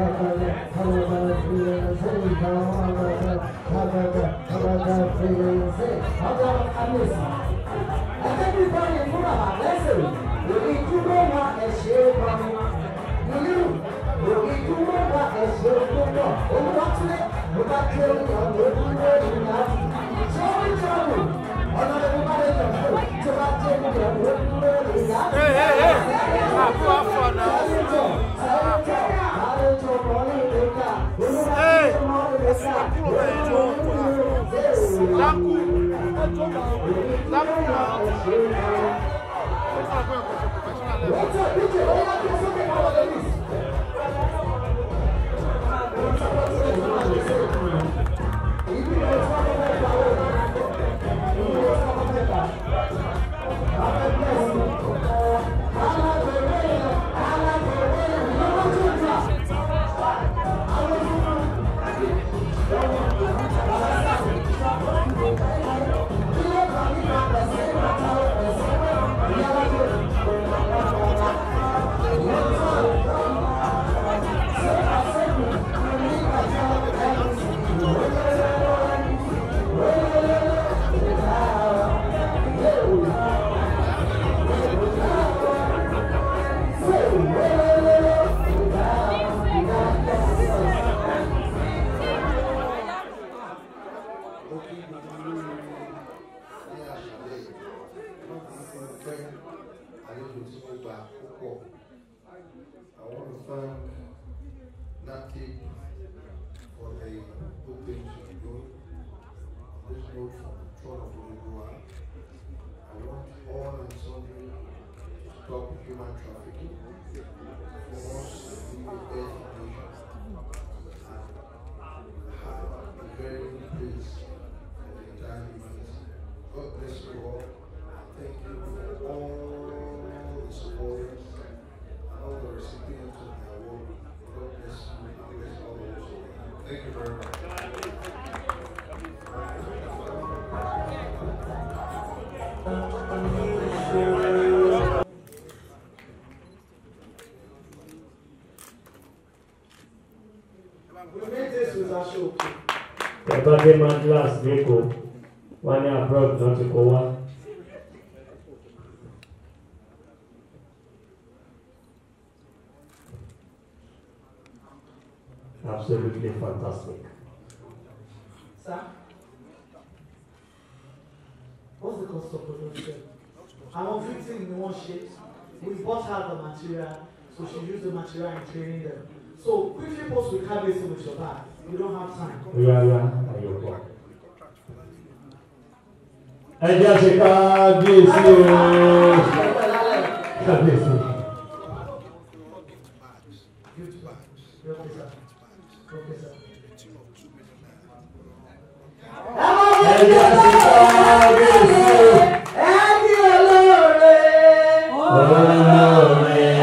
Olúwa tún lé, mo bá kí ó ní ọ̀dọ́. dákú dákú náà ó sàgbé ẹ̀kọ́ ṣe professional level. I want to thank NACIP for the things you do this note from the throne of I want all and sundry to stop human trafficking for us to be the Thank you very much. Ẹ̀bá dé máa ń gíláàsì lẹ́kọ̀ọ́, wọ́n you abroad náà ti kọ́ wá. What's the cost of production? Àwọn fifteen in one ṣe. We bought her the material, so she used the material in training them. So quickly post we can't listen with your back. You don't have time. Rárá, àyọ̀pọ̀. Ẹ jẹ́ àṣekáàbíyèsí o. Kábíyèsí.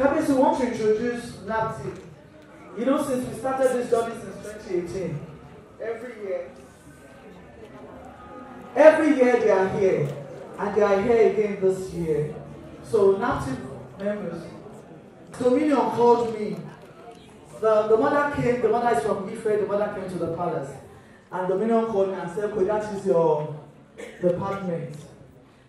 we want to introduce NAPTIP. You know, since we started this journey since 2018, every year, every year they are here, and they are here again this year. So NAPTIP members, Dominion called me. The, the mother came, the mother is from Ife, the mother came to the palace. And Dominion called me and said, okay, that is your department.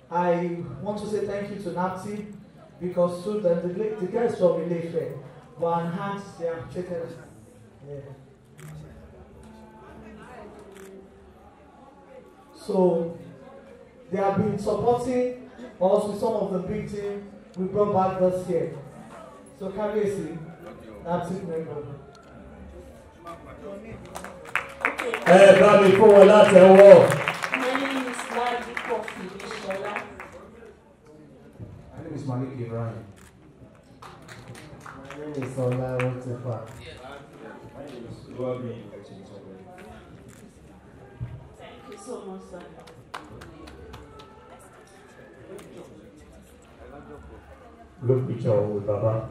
I want to say thank you to NAPTIP because Sudan, the, the guys from Ilefe were enhanced, they have taken. So they have been supporting us with some of the big team we brought back this year. So Kabesi, that's it, member. Hey, bá for kó wọn láti ẹwọ́. Malik Ibrahim. My name is Ola Otefa. My Thank you so much, sir. Good picture with Baba.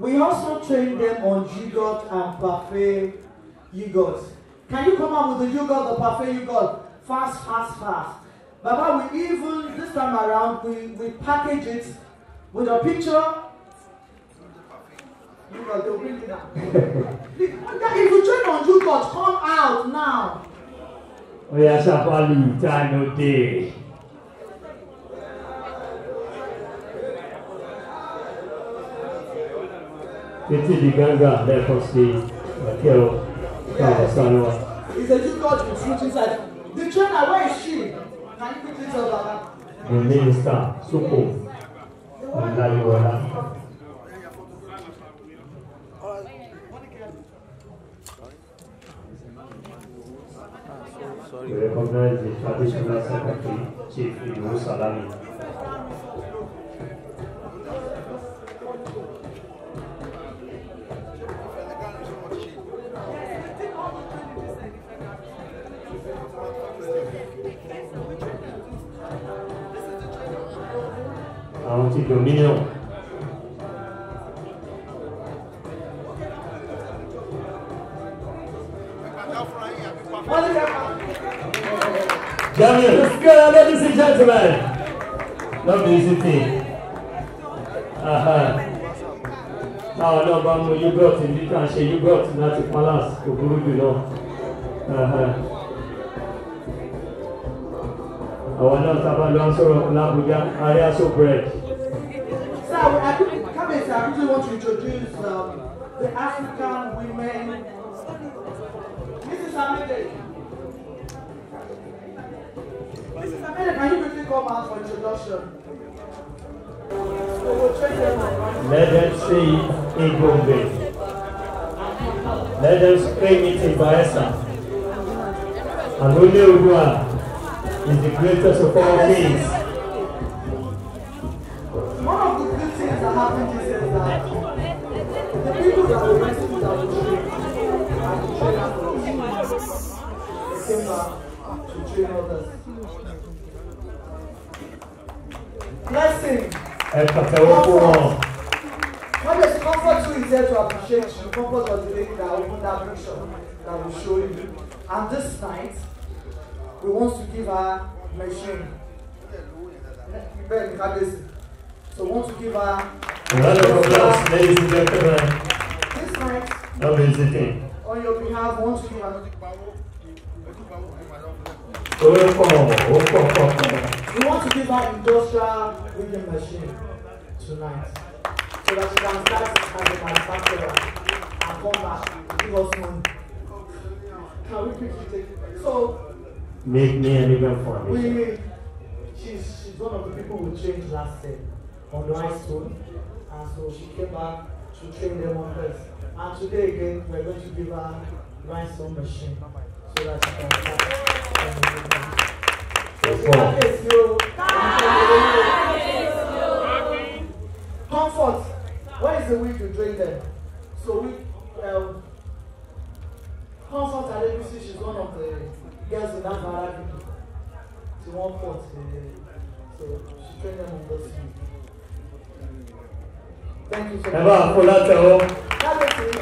We also train them on yogurt and parfait yugot. Can you come up with the yugot, the parfait yugot? fast, fast, fast. Baba, we even, this time around, we, we package it with a picture. You got to bring it up. If you join on YouGot, come out now. Oh, yes, I time of day. Títí di Ganga lẹ́kọ̀ọ́ sí Raquel Kàwọ́sánúwà. Is a YouGot with fruit inside? The trainer, where is she? Can you quickly tell her? The minister, Suko, Ndaliwala. We recognize the traditional secretary, Chief Ibu Salami. multi-dominion. Gentlemen, let's go, ladies and gentlemen. Not the easy thing. Táwọn ọlọ́ba mú yúgọ̀t You ká ṣe yúgọ̀t láti palace kò burú jù lọ. Àwọn náà sábà lọ sọ̀rọ̀ l'Abuja, so bread. I quickly want to introduce um, the African women. Mrs. Amede. Mrs. Amede, can you quickly come out for introduction? Let them see Igombe. Let them scream it in Baesa. Anule Urua is the greatest of all kings. être pour What does comfort show is there to appreciate you? Comfort was the thing that opened that picture that will show you. And this night, we want to give her machine. You better So want to give her. Round of applause, ladies and gentlemen. This night. No visiting. On your behalf, want to give her. Oh, oh, oh, oh. We want to give her industrial weaving machine tonight so that she can start as a manufacturer and come back give us money. Can we quickly take it? So, make me an even for me. We, She's, she's one of the people who trained last year on the high school, and so she came back to train them on this. And today again, we're going to give her rhinestone machine so that she can start. Comfort. Comfort. Where is the way to drink them? So we, um, Comfort Adebusi, she's one of the girls in that Marabi. She won port. Eh, so she trained them on the sea. Thank you so much. Ẹ bá àpò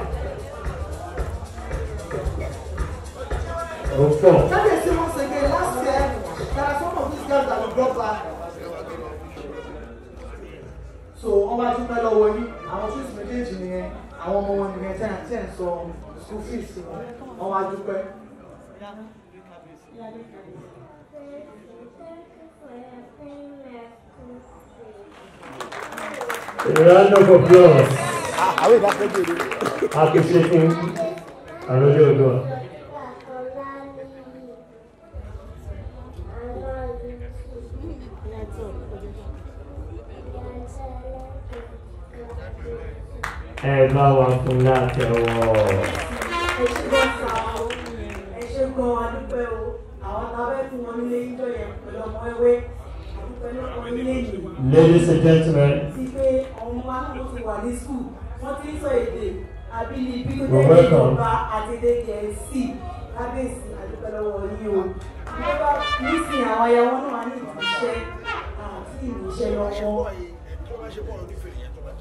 sọ sufis wọn àwọn adúpẹ́. A round of applause. Appreciating Arroyo God. ẹ bá wa fún láti ọwọ́. ẹ ṣe gbọ́ sá o ẹ ṣe gbọ́ adúpẹ́ o àwọn tábẹ́ fún wọn nílé ìjọ yẹn pẹ̀lú ọmọ ẹwẹ́ adúpẹ́ lọ́kọ̀ nílé yìí. ladies and gentlemen. ti pé ọmọ wa tó ti wà ní skul wọ́n ti ń sọ èdè àbínibí tó jẹ́ ìjọba àti èdè gẹ̀ẹ́sì kábíyèsí adúpẹ́ lọ́wọ́ yìí o. wọ́n bá nísìnyí àwọn ayẹwo náà wà ní ìtúnṣe àti ìmúṣẹ lọ́wọ́.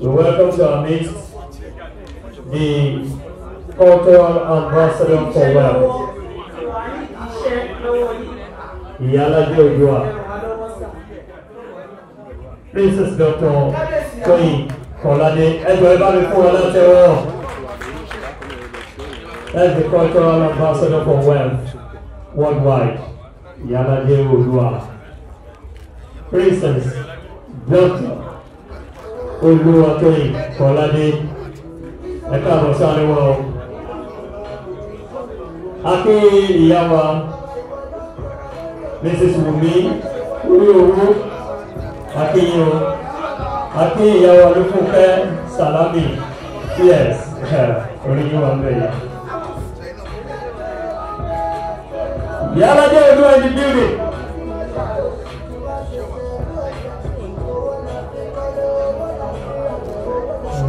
So welcome to our midst. the cultural ambassador for Wales. Yala Jojoa. This is Dr. Koyi Kolade. Everybody for Wales. As the cultural ambassador for Wales worldwide. Yala Jojoa. Princess Dr. Oluwatoyi Kolade. ẹ káàbọ̀ sí alẹ́ wa o aké ìyá wa mrs wumi orí owó aké yín o aké ìyá wa ló fún fẹ́ salami ps orí yín wa ń bẹ̀ yá. yàrá jẹ́ ẹni bíbí.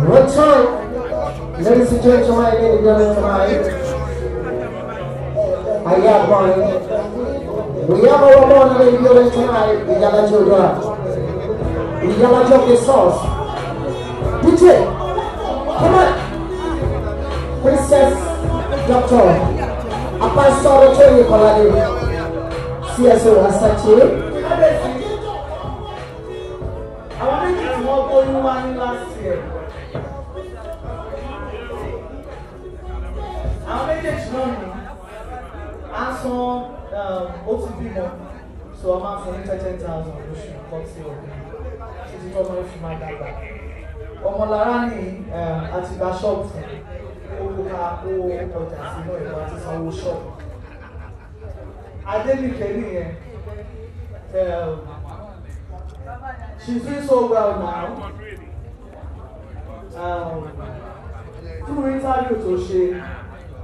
What's up? Ladies and gentlemen, ladies and gentlemen, I got one. We have our morning, ladies and gentlemen, tonight. We got a children. We got a jockey sauce. DJ, come on. Princess, Doctor, a pastor, Tony Colade, CSO, Asachi. I want to walk on one last year. méjèèjì náà ni a san um, ó ti bímọ so a máa fún ní thirteen thousand lóṣù kan sí ọdún títí tọ́mọ ìfi máa dàgbà ọmọlára ni àtìgbà ṣọ́ọ̀bù owó ká owó ọjà sínú ẹ̀rọ àti sanwó ṣọ́ọ̀bù adélìkẹ́ nìyẹn um, she's doing so well now. Um, through interview tó ṣe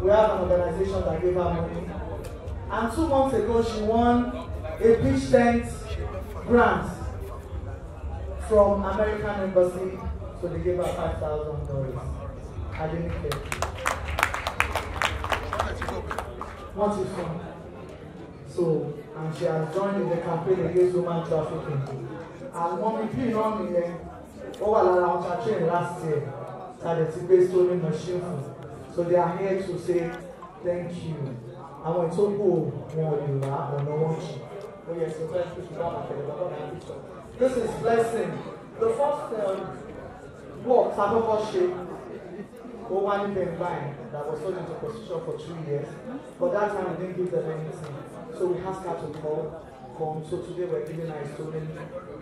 we have an organization that gave her money. And two months ago, she won a beach tent grant from American Embassy, so they gave her five thousand dollars. I didn't care. What is fun? So, and she has joined in the campaign against human trafficking. And mommy pin on me, eh, ó wà lára ọjà train last year, ta lè ti gbé stolen machine fún. So they are here to say thank you. I want to ò more oh, wá that. wọn no one. yẹ sọ This is blessing. The first um, work Takoko ṣe ó wá ní Benbain that was sold into position for two years but that time we didn't give them anything so we asked her to call home so today we're giving our a stolen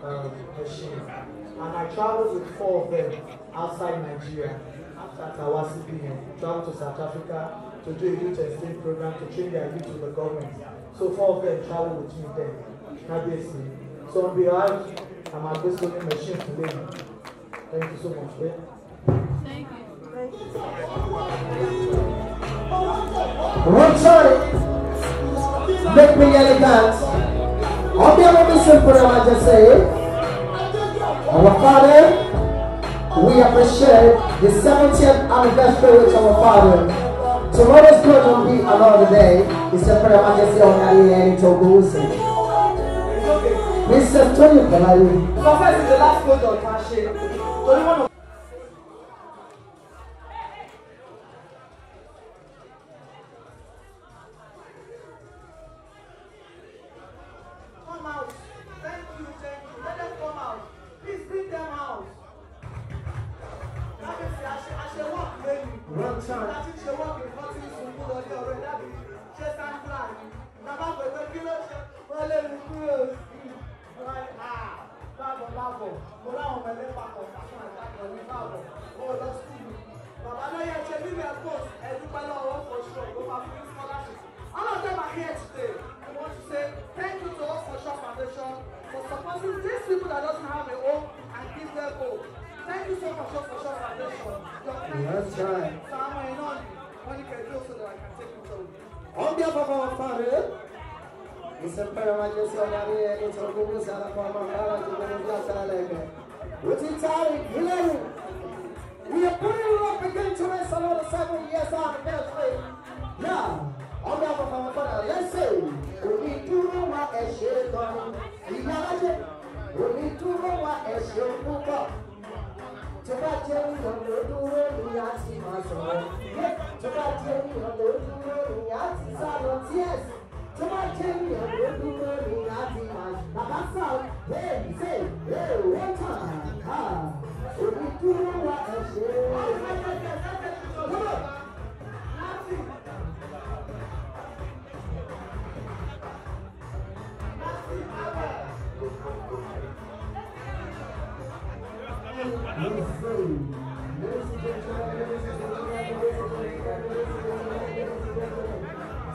um, machine and I traveled with four of them outside Nigeria our PM, travel to South Africa to do a youth exchange program to train their youth with the government. So four of them travel with me then, obviously. So on behalf, I'm at this machine today. Thank you so much. Thank you. Thank you. One side, make me elegant. I'll be able to simple, I just say, Our Father, we appreciate the 70th anniversary with our father. Tomorrow's going to be another day. It's a prayer majesty on Kaliani Toguzi. Mr. Tony Palayu. Confess is the last vote on Tashi. for supporting these people that doesn't have a home and give them hope. Thank you so much for your attention. Your time yes, right. So I'm going on when you can do so that I can take control. On behalf of our family, Mr. Paramajesu Adari ẹni tó gbogbo sára fún ọmọ ọ̀gára tó gbogbo bí àṣà lẹ́gbẹ̀ẹ́. Ó ti tààrí ìgbéléwò. We are putting up against the rest of seven years out of the best way. Now, ọ̀dà kankan padà lẹ́sẹ̀ òní dúró wa ẹ̀ ṣe é tọ́nu ìyá alájẹ òní dúró wa ẹ̀ ṣe é púpọ̀ tó bá jẹ́ ènìyàn ló dúró ni a ti máa sọ̀rọ̀ tó bá jẹ́ ènìyàn ló dúró ni a ti sá lọ tíẹ̀s tó bá jẹ́ ènìyàn ló dúró ni a ti máa bàbá sọ bẹ́ẹ̀ ṣe ẹ̀ wọ́n tàn án òní dúró wa ẹ̀ ṣe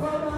Come on.